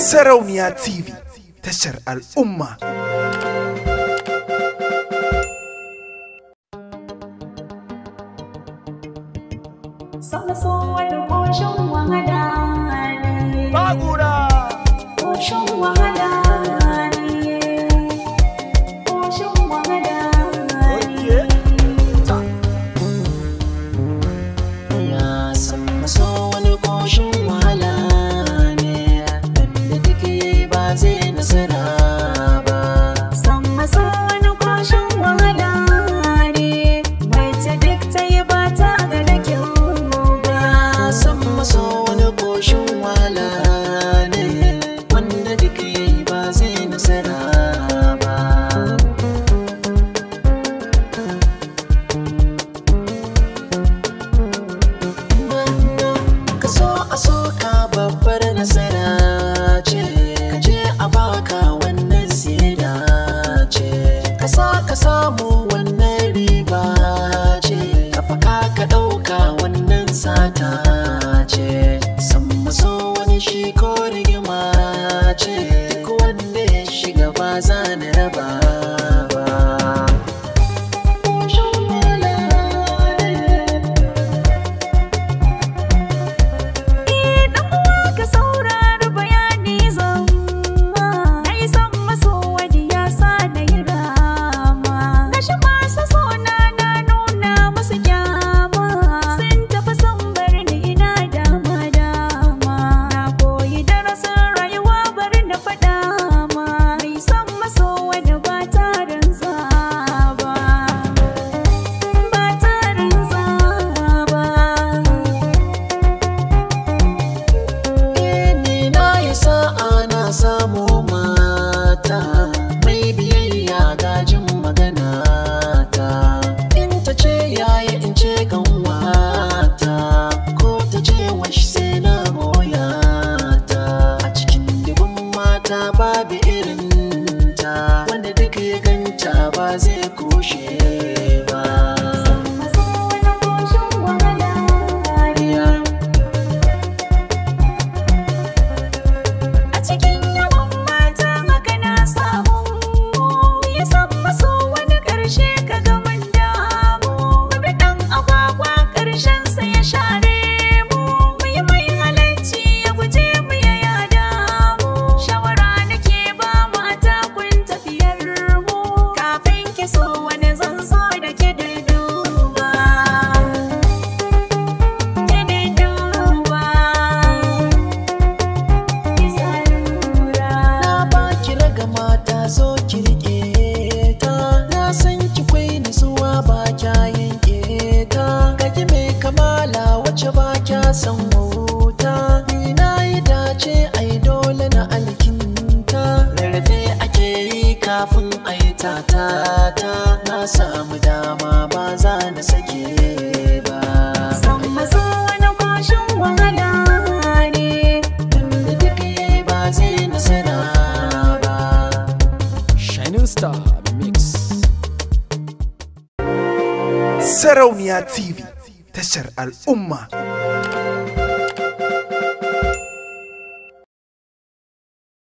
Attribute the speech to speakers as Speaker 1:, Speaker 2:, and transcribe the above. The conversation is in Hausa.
Speaker 1: Sarauniya TV tashar al'umma.
Speaker 2: Sama so wani ƙoshin wahala.
Speaker 1: ka samu wannan riba ce tafaka ka ɗauka wannan sata ce san maso wani shi ko rigima ce duk wanda ya shiga ba za na raba kya san wauta na yi dace ai dole na alkinta rarrafe ake yi kafin ai tatata na samu dama ba za na sake ba ne nasara ba sarauniya tv tashar al'umma.